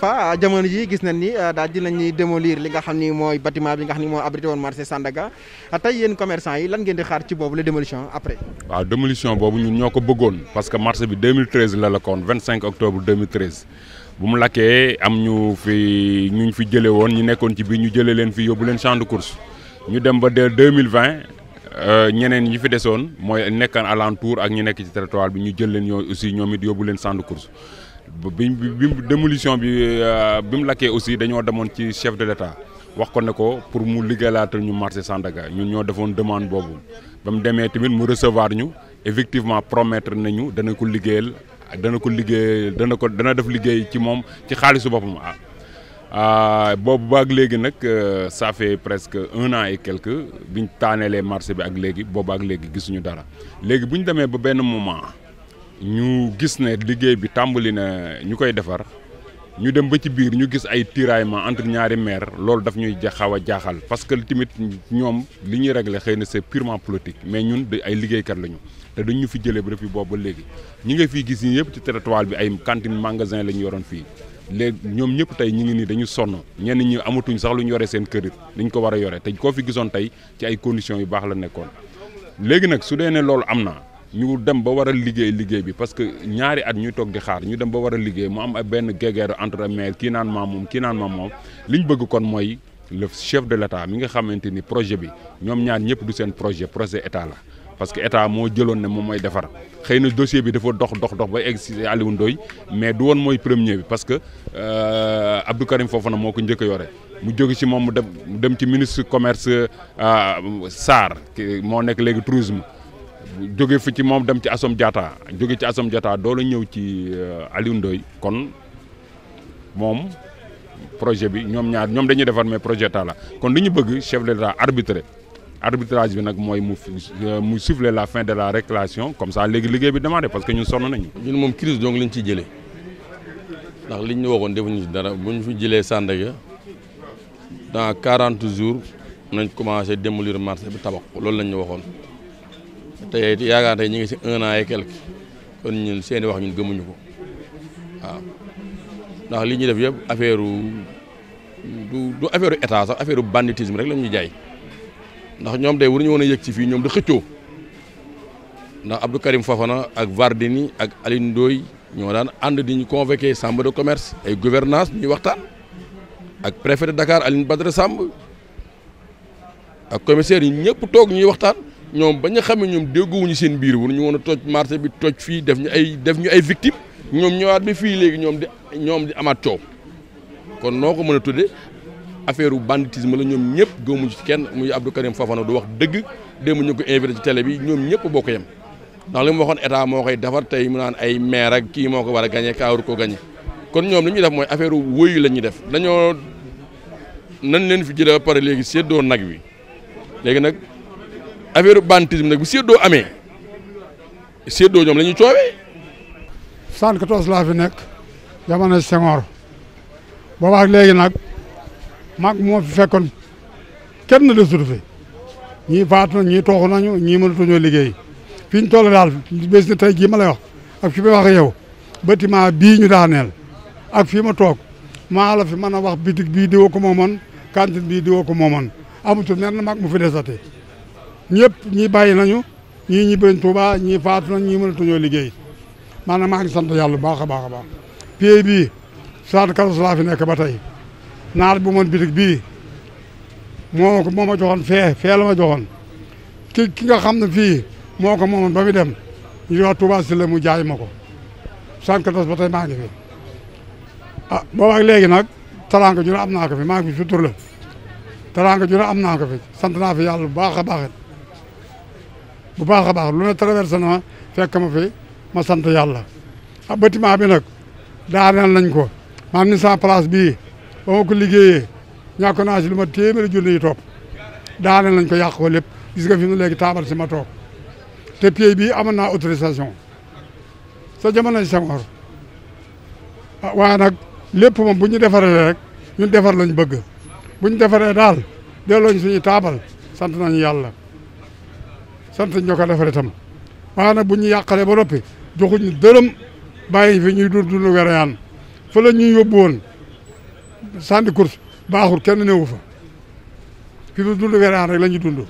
Moustapha jamono ji gis nañ ni euh, daal di nañuy démolir li nga xam ni mooy bâtiment bi nga xam ni mooy abrité woon marché Sandaga tey yéen commerçant yi lan ngeen di xaar ci boobu la démolition après. waaw démolition boobu ñun ñoo ko bëggoon parce que marché bi 2013 la la koon 25 octobre 2013 bu mu lakkee am ñu fi ñu fi jëlee woon ñu nekkoon ci biir ñu jëlee leen fi yóbbu leen champ de course ñu dem ba de 2020. Euh, ñeneen ñi fi desoon mooy nekkan alentour ak ñu nekk ci territoire bi ñu jël leen yoo aussi ñoom leen centre course bi bi démolition bi euh, bi mu lakkee aussi dañoo demoon ci chef de l'État wax ko ne ko pour mu liggéeyalaatal ñu marché Sandaga ñun ñoo defoon demande boobu ba mu demee tamit mu recevoir ñu effectivement promettre nañu dana ko liggéeyal dana ko liggéeyal dana ko dana def liggéey ci moom ci xaalisu boppam ah, ah boobu baag léegi nag euh, ça fait presque un an et quelque biñ taaneelee marché bi ak léegi boobu ak léegi gisuñu dara léegi bu ñu demee ba benn moment. ñu gis ne liggéey bi tàmbali na ñu koy defar ñu dem ba ci biir ñu gis ay tiraillement entre ñaari maire loolu daf ñuy xaw a jaaxal parce que tamit ñoom li ñuy régler xëy na c'est purement politique mais ñun de ay liggéeykat lañu te dañ ñu fi jëlee ba depuis boobu ba léegi ñi nga fii gis ñi yëpp ci territoire bi ay cantine magasin la ñu yoroon fii léegi ñoom ñëpp tey ñi ngi nii dañu sonn ñenn ñi amatuñ sax lu ñu yoree seen kërit dañ ko war a yore te koo fi gisoon tey ci ay conditions yu baax la nekkoon léegi nag su dee loolu am na ñu dem ba war a liggéey liggéey bi parce que ñaari at ñu toog di xaar ñu dem ba war a liggéey mu am benn guéguerre entre maire ki naan maam moom kii naan maam moom li ñu bëgg kon mooy le chef de l'État mi nga xamante ni projet bi ñoom ñaar ñëpp du seen projet projet état la parce que état moo jëloon ne moom mooy defar xëy na dossier bi dafa dox dox dox ba egg si Aliou mais du woon mooy premier bi parce que euh, Abdou Karim na moo ko njëkk a yore mu jóge si moom mu dem ci ministre commerce euh, Sarr moo nekk léegi tourisme jóge fi ci moom dem ci Assome Diatta jóge ci Assome Diatta doolu ñëw ci euh, Aliou Ndoye kon moom projet bi ñoom ñaar ñoom dañuy defar mais projet ta la kon li ñu bëgg chef de l'État arbitré arbitrage bi nag mooy mu euh, mu siffler la fin de la réclamation comme ça léegi liggéey bi demandé parce que ñu sonn nañu. ñun moom crise donc lañ ciy jëlee ndax liñ ñu waxoon defuñu dara bu ñu fi jëlee Sandaga dans quarante jours nañ commencé démolir marché bi tabax loolu lañ ñu waxoon. te yaakaar tey ñu ngi si un an et quelque kon ñun seeni wax ñun gëmuñu ko waaw ndax li ñuy def yëpp affaire du du affaire état sax affaire banditisme rek la ñuy jaay ndax ñoom tey waruñu woon a yëg ci fii ñoom da xëccoo ndax Abdou Karim Fofana ak Vardini ak Alioune ñoo daan ànd di ñu convoqué chambre de commerce ay gouvernance ñuy waxtaan ak préfet de Dakar Alioune Badara Samb ak commissaire yi ñëpp toog ñuy waxtaan. ñoom ba ñu xamee ñoom déggoowuñu seen biir war ñu woon a toj marché bi toj fii def ñu ay def ñu ay victime ñoom ñëwaat bi fii léegi ñoom di ñoom di amaat coow kon noo ko mën a tuddee affaire u banditisme la ñoom ñëpp gëmuñu ci kenn muy Abdou Karim Fofana du wax dëgg démb ñu ko invité ci télé bi ñoom ñëpp boo ko yem ndax li mu waxoon état moo koy defar tey mu naan ay maire ak kii moo ko war a gañe kaawur ko gañe kon ñoom li ñu def mooy affaire u wëyu la ñuy def dañoo nañ leen fi jëlee pare léegi séddoo nag wi léegi nag affaire banditisme nag bu séddoo amee séddoo ñoom la ñuy coowee. 74 laa fi nekk jamono Senghor boobaak léegi nag mag moo fi fekkoon kenn desut fi ñii faatu na ñii tooxu nañu ñii mënatuñoo liggéey fi ñu toll daal bés na tey jii ma lay wax ak fi may wax yow bâtiment bii ñu daaneel ak fi ma toog maa la fi mën a wax bitig bii diwa ko moomoon cantine bii diwa ko moomoon amatul nen na mag mu fi desate ñépp ñii bàyyi nañu ñii ñibbi nañ Touba ñii faatu nañ ñii mënatuñoo liggéey maanaam maa ngi sant yàlla bu baax a baax a baax pied bii saat karos laa fi nekk ba tey naar bu moon bitig bii moo ko moo ma joxoon fee fee la ma joxoon ki ki nga xam ne fii moo ko moomoon ba mu dem ñu wax Touba si mu jaay ma ko saat karos ba tey maa ngi fi ah boobaak léegi nag taraanga ju am naa ko fi maa ngi fi sutur la taraanga ju ne am naa ko fi sant naa fi yàlla bu baax a baax bu baax a baax lu ne traversé na fekk ma fi ma sant yàlla ah bâtiment bi nag daaneel nañ ko maam ni sa place bi ba ma ko liggéeyee ñàkk naa si lu ma téeméeri junni yi topp daaneel nañ ko yàq ko lépp gis nga fi mu léegi taabal si ma toog te pied bii amoon naa autorisation sa jamonoy Senghor ah, waaye nag lépp moom bu ñu defaree rek ñun defar lañu bëgg bu ñu defaree daal dellooñ suñu taabal sant nañu yàlla sant ñoo ko defal itam waaye nag bu ñu yàqalee ba noppi joxuñu dërëm bàyyi fi ñuy dundu wereyaan fa la ñuy yóbbu woon sandi course baaxul kenn newu fa fi du dund wereyaan rek la ñuy dund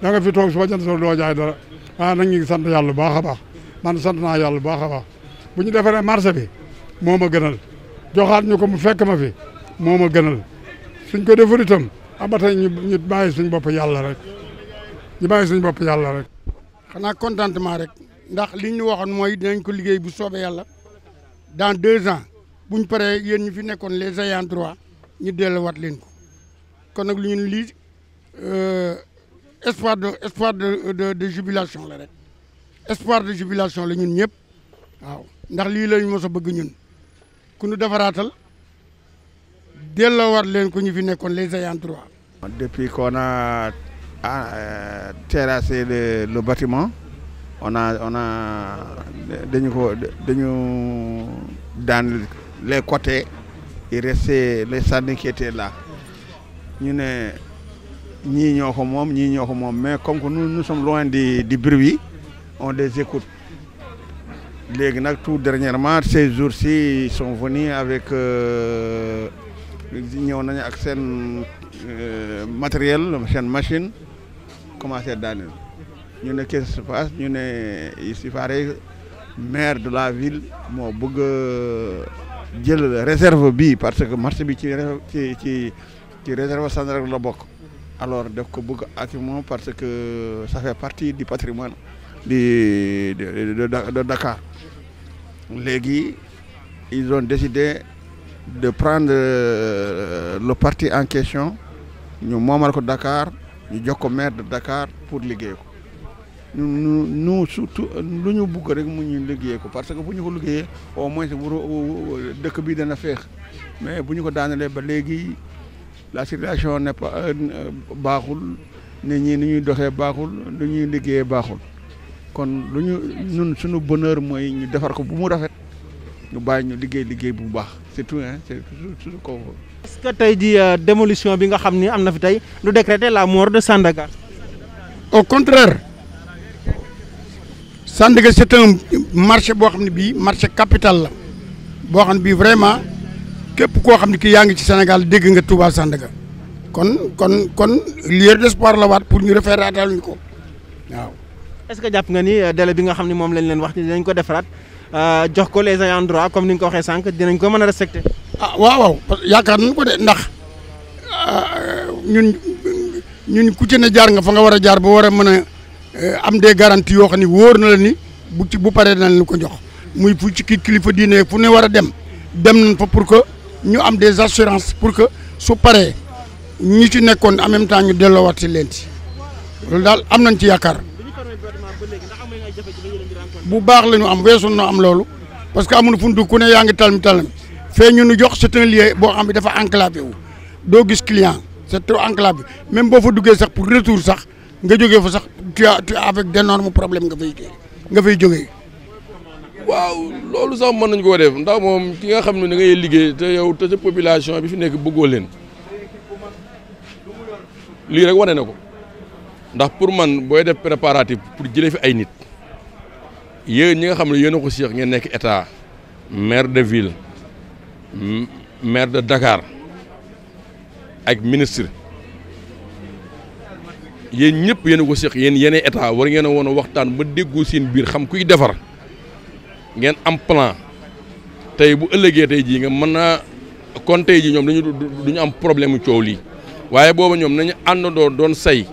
da nga fi toog suba jant so doo jaay dara waaye nag ñu ngi sant yàlla bu baax a baax man sant naa yàlla bu baax a baax bu ñu defaree marché bi moo ma gënal joxaat ñu ko mu fekk ma fi moo ma gënal suñ ko defar itam abata ñu bàyyi suñ bopp yàlla rek di bàyyi suñu bopp yàlla rek. xanaa contentement rek ndax li ñu waxoon mooy dinañ ko liggéey bu soobee yàlla dans deux ans bu ñu paree yéen ñu fi nekkoon les ayants droit ñu delluwaat leen ko kon nag lu ñu lii euh, espoir de espoir de de de jubilation la rek espoir de jubilation la ñun ñëpp waaw ndax lii lañ mos a bëgg ñun ku ñu defaraatal delloowaat leen ko ñu fi nekkoon les ayants droit. depuis qu'on à ah, euh, terrasser le, le, bâtiment. On a, on a dans les côtés, il restait les sardines là ñu ne Nous ñii ñoo ko moom ñii ñoo ko moom mais comme que nous nous sommes loin du bruit on des écoute léegi nag tout dernièrement ces jours-ci si sont venus avec euh, ñëw nañu ak seen euh, le seen machine commencé daaneel ñu ne qu'est-ce qui se passe ñu ne il maire de la ville moo bëgg a jël réserve bi parce que marché bi ci ci ci ci réserve Senelec la bokk alors def ko bëgg ak parce que ça fait partie du patrimoine di de de Dakar léegi ils ont décidé de prendre euh, le partie en question ñu moomal ko Dakar ñu jox ko maire de dakaar pour liggéey ko nu ñu surtout lu ñu bugg rek mu ñu liggéey ko parce que bu ñu ko liggéeyee au moins wuro dëkk bii dana feex mais bu ñu ko daanalee ba léegi la situation n'est pas euh, baaxul nit ñi ni ñuy doxee baaxul lu ñuy liggéeyee baaxul kon lu ñu ñun suñu bonheur mooy ñu defar ko bu mu rafet ñu bàyyi ñu liggéey liggéey bu baax c'est tout hein est-ce que tey di euh, démolition bi nga xam ni am na fi tey du décréter la mort de Sandaga au contraire Sandaga c'est un marché boo xam ne bii marché capital la boo xam ne bii vraiment képp koo xam ne ki yaa ngi ci Sénégal dégg nga Touba Sandaga kon kon kon lieu d'espoir la waat pour ñu ñu ko waaw est-ce que jàpp nga ni euh, délai bi nga xam ne moom lañ leen wax ni dinañ ko defaraat Euh, jox ko les ayants droit comme ni nga ko waxee sànq dinañ ko mën a respecté. ah waaw waaw yaakaar nañ ko de ndax euh, ñun ñu ku ci ne jaar nga fa nga war a jaar boo war a mën a euh, am des garanties yoo xam ne wóor na la ni bu ci bu paree dinañ la ko jox muy fu ci kilifa diine fu ne war a dem dem nañ fo pour que ñu am des assurances pour que su paree ñu ci nekkoon en même temps ñu delloowaat si leen ci loolu daal am nañ ci yaakaar. bu baax la ñu am weesu na am loolu parce que amu fu ñu dugg ku ne yaa ngi talmi talmi ñu nu jox c'est un lieu boo xam ne dafa enclavé wu doo gis client c'est trop enclavé même boo fa duggee sax pour retour sax nga jógee fa sax tu as tu as avec d'énormes problèmes nga fay nga fay jógee. waaw loolu sax mën nañ ko def ndax moom ki nga xam ne da ngay liggéey te yow te sa population bi fi nekk bëggoo leen lii rek wane na ko ndax pour man booy def préparatif pour jëlee fi ay nit. yéen ñi nga xam ne yéen ko seex ngeen nekk état maire de ville maire de Dakar ak ministre yéen ñëpp yéen ko seex yéen yeneen état war ngeen a woon a waxtaan ba déggoo seen biir xam kuy defar ngeen am plan tey bu ëllëgee tey jii nga mën na kon tey jii ñoom dañu duñu am problème mu coow lii waaye booba ñoom nañu àndandoo doon say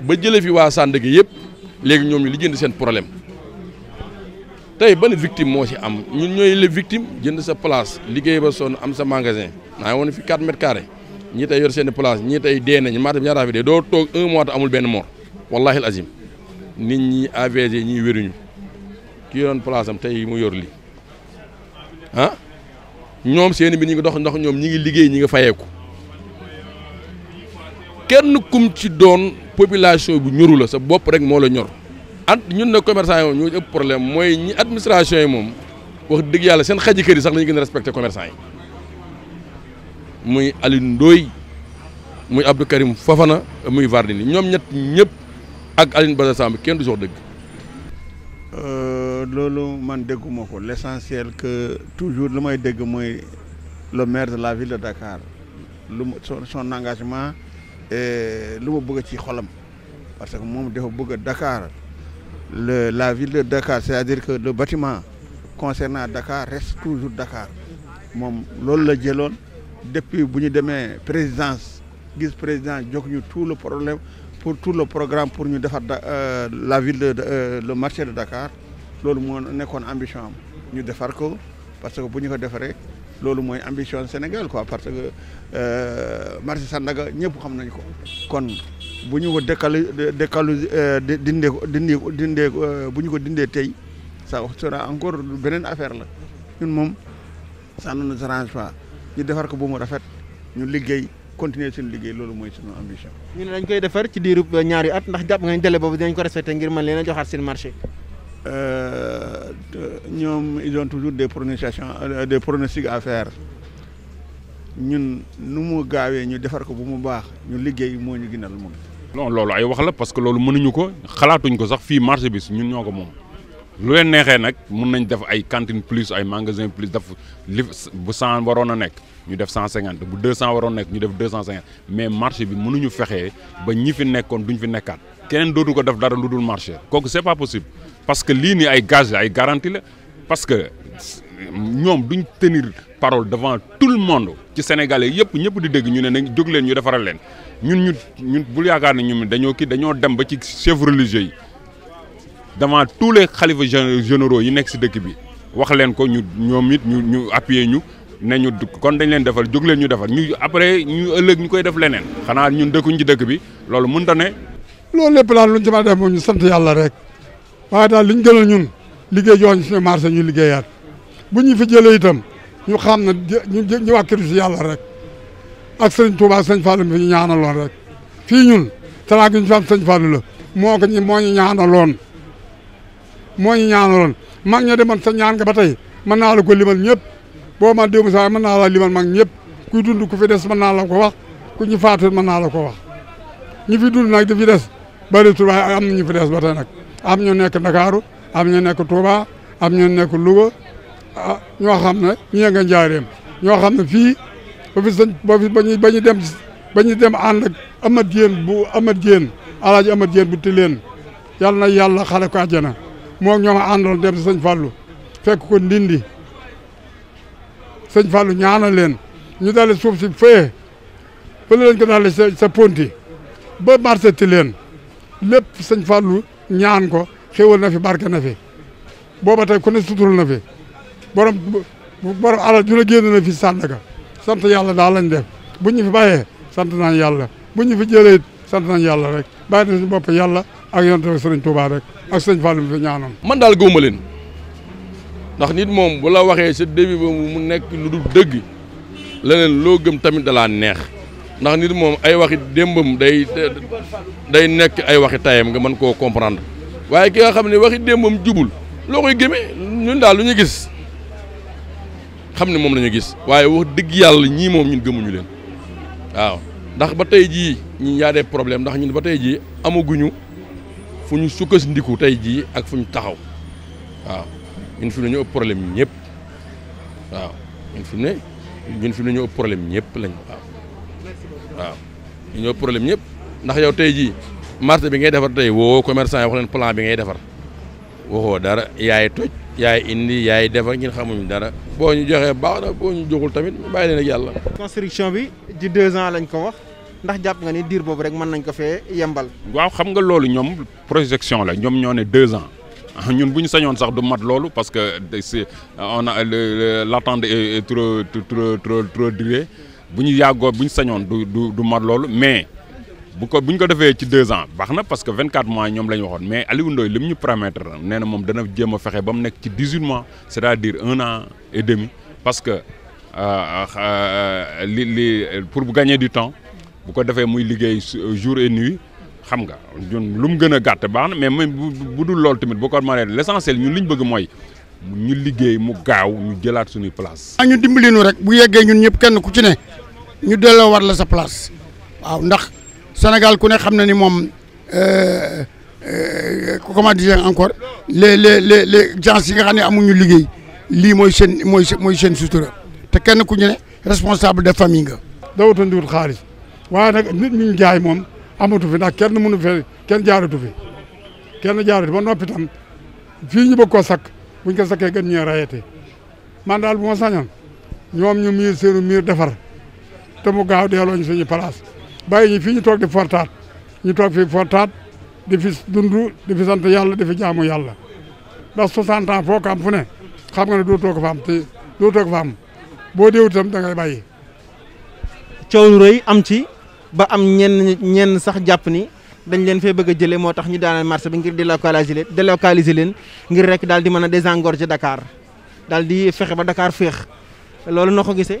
ba jëlee fi waa Sandaga yëpp léegi ñoom ñu lijjanti seen problème. tey ban victime moo ci am ñun ñooy les victimes jënd sa place liggéey ba sonn am sa magasin naa ngi woon fi 4 met carrés ñii tey yor seen place ñii tey dee nañ maa tam ñaata fi dee doo toog un mois te amul benn mort wallahi al azim nit ñi AVG ñiy wéruñu ki yoroon am tey mu yor li ah ñoom seen bi ñu ngi dox ndox ñoom ñi ngi liggéey ñi ngi fayeeku kenn kum ci doon population bu ñoru la sa bopp rek moo la ñor at ñun na commerçant yi moom ñoo problème mooy ñi administration yi moom wax dëgg yàlla seen xaji kër yi sax lañu ñu gën a respecté commerçant yi muy Alioune Ndoye muy Abdou Karim Fofana muy Vardini ñoom ñett ñëpp ak Alioune Badara Samb kenn du sox dëgg. Euh, loolu man dégguma ko l' essentiel que toujours lu may dégg mooy le maire de la ville de Dakar lu ma son engagement lu ma bëgg ci xolam parce que moom dafa bëgg Dakar. le, la ville de Dakar c'est-à-dire que le bâtiment concernant Dakar reste toujours Dakar moom loolu la jëloon depuis bu ñu demee présidence gis président jog ñu tout le problème pour tout le programme pour ñu defar euh, la ville de euh, le marché de Dakar loolu moo nekkoon ambition am ñu defar ko parce que bu ñu ko defaree loolu mooy ambition Sénégal quoi parce que euh, marché Sandaga ñëpp xam nañ ko bu ñu ko décalu décalu euh, dindee dindee dindee euh, bu ñu ko dindee tey ça sera encore beneen affaire la ñun moom ça ne nous arrange ñu defar ko ba mu rafet ñu liggéey continuer suñu liggéey loolu mooy suñu ambition. ñu ne dañ koy defar ci diirub euh, ñaari at ndax jàpp nga délai boobu dinañ ko respecté ngir mën leen a joxaat seen marché. ñoom ils ont toujours des prononciations des pronostics à faire ñun nu mu gaawee ñu defar ko bu mu baax ñu liggéey moo ñu ginal moom. non loolu ay wax la parce que loolu mënuñu ko xalaatuñ ko sax fii marché bi su ñun ñoo ko moom lu leen neexee nag mun nañ def ay cantine plus ay magasin plus def li bu cent waroon a nekk ñu def cent cinquante bu deux cent waroon nekk ñu def deux cent cinquante mais marché bi mënuñu fexe ba ñi fi nekkoon duñ fi nekkaat keneen dootu ko def dara lu dul marché kooku c'est pas possible parce que lii nii ay gaz ay garantie la parce que ñoom duñ tenir parole devant tout le monde ci sénégalais yëpp ñëpp di dégg ñu ne nañ jóg ñu defaral leen ñun ñu ñun bul yaakaar ne ñun dañoo kii dañoo dem ba ci chef religieux yi devant tous les xalifa généraux yi nekk si dëkk bi wax leen ko ñu ñoom it ñu ñu appuyer ñu ne ñu kon dañ leen defal jóg leen ñu defal ñu après ñu ëllëg ñu koy def leneen xanaa ñun dëkkuñ ci dëkk bi loolu mun ta ne. loolu lépp daal lu ñu ci mën a ñu sant yàlla rek waaye daal li ñu gënal ñun liggéey jox ñu suñu marché ñu liggéeyaat bu ñu fi jëlee itam ñu xam ne ñu ñu wàkkiru si yàlla rek. ak sëñ Touba sëñ Fallou mi fi ñu ñaanaloon rek fii ñun talaa gi ñu fi am la moo ko ñu moo ñu ñaanaloon moo ñu ñaanaloon mag ña demoon sa ñaan nga ba tey mën naa la ko limal ñëpp boo ma démb saa mën naa la limal mag ñëpp kuy dund ku fi des mën naa la ko wax ku ñu faatu mën naa la ko wax ñi fi dund nag di fi des bëri Touba am na ñu fi des ba nag am ñu nekk Ndakaaru am ñu nekk Touba am ñu nekk Louga ah, ñoo xam ne ñii nga njaareem ñoo xam ne fii ba fi sëñ ba fi ba dem ba ñu dem ànd ak Amath bu Amath Dieng alaaji Amath Dieng bu Tilène yàlla na yàlla xale ko àjjana moo ñoo ma àndoon dem sëñ Fallou fekk ko ndindi sëñ Fallou ñaanal leen ñu suuf si fee fële ko daal sa ponti ba marché Tilène lépp sëñ Fallou ñaan ko xéwal na fi barke na fi booba tey ku ne sutul na fi borom borom alal ju la génn na fi Sandaga sant yàlla daal lañ def bu ñu fi bàyyee sant nañ yàlla bu ñu fi jëlee sant nañ yàlla rek bàyyi nañ si bopp yàlla ak yonent bi sëriñ Touba rek ak sëriñ Fallou bi fi ñaanam man daal gëwuma leen ndax nit moom bu la waxee sa début ba mu nekk lu dul dëgg leneen loo gëm tamit dalaa neex ndax nit moom ay waxit démbam day day nekk ay waxi tayam nga mën koo comprendre waaye ki nga xam ne waxi démbam jubul loo koy gëmee ñun daal lu ñu gis xam ne moom lañu gis waaye wax digg yàlla ñii moom ñun gëmuñu leen waaw ndax ba tey jii ñi yaa des problème ndax ñun ba tey jii amaguñu fu ñu sukkandiku tey jii ak fu ñu taxaw waaw ñun fi mu ne ñu ëpp problème ñëpp waaw ñun ne ñun fi mu ne ñu ëpp ñëpp lañ waaw ñu ëpp problème ñëpp ndax yow tey jii marché bi ngay defar tey woo commerçant yi wax leen plan bi ngay defar waxoo dara yaay toj. yaay indi yaay defar ñun xamuñ dara boo ñu joxee baax na boo ñu joxul tamit bàyyi leen ak yàlla. construction bi di deux ans lañ ko wax ndax jàpp nga ni diir boobu rek mën nañ ko fee yembal. waaw xam nga loolu ñoom projection la ñoom ñoo ne deux ans. ñun bu ñu sañoon sax du mat loolu parce que c'est on a l'attente est trop trop trop trop durée bu ñu yàggoo bu ñu sañoon du du du mat loolu mais bu ko bu ñu ko defee ci deux ans baax na parce que vingt quatre mois ñoom la ñu waxoon mais Aliou Ndoye li mu ñu promettre nee na moom dana jéem a fexe ba mu nekk ci dix huit mois c' est à dire un an et demi parce que euh, euh, li li pour bu gagner du temps bu ko defee muy liggéey euh, jour et nuit xam nga ñun lu mu gën a gàtt baax na mais même bu bu dul loolu tamit bu ko mënee l' essentiel ñun li ñu bëgg mooy ñu liggéey mu gaaw ñu jëlaat suñuy place. Ah, ñu dimbali nu rek bu yeggee ñun ñëpp kenn ku ci ne ñu delloo war la sa place waaw ndax. Sénégal ku ne xam na ni moom euh, euh, comment dire encore les les les les gens yi nga xam ne amuñu liggéey lii mooy seen mooy mooy seen sutura te kenn ku ñu responsable de famille nga. dawata ndiwut xaalis waaye nag nit ñi ñu jaay moom amatu fi ndax kenn mënu fi kenn jaaratu fi kenn jaaratu ba noppi tam fii ñu bëgg koo sakk buñ ko sakkee gën ñee rayete man daal bu ma sañoon ñoom ñu miir seenu miir defar te mu gaaw ñu suñu place. bàyyi ñu ñu toog di fortaat ñu toog fii fortaat di fi dund di fi sant yàlla di fi jaamu yàlla ndax 60 ans foo ko am fu ne xam nga ne dootoo ko fa te dootoo ko fa boo déewut itam da ngay bàyyi. coow am ci ba am ñenn ñenn sax jàpp ni dañ leen fee bëgg a jëlee moo tax ñu daaneel marché bi ngir délocaliser leen délocaliser leen ngir rek daal di mën a ci dakaar daal di fexe ba dakaar feex loolu noo ko gisee.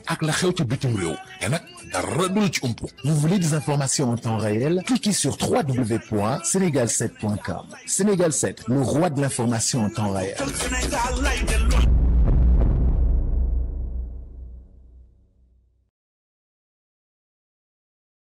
ak la xew ci bitim réew te nag dara du la ci umpu. Vous voulez des informations en temps réel? Cliquez sur www.senegal7.com. Sénégal 7, le roi de l'information en temps réel.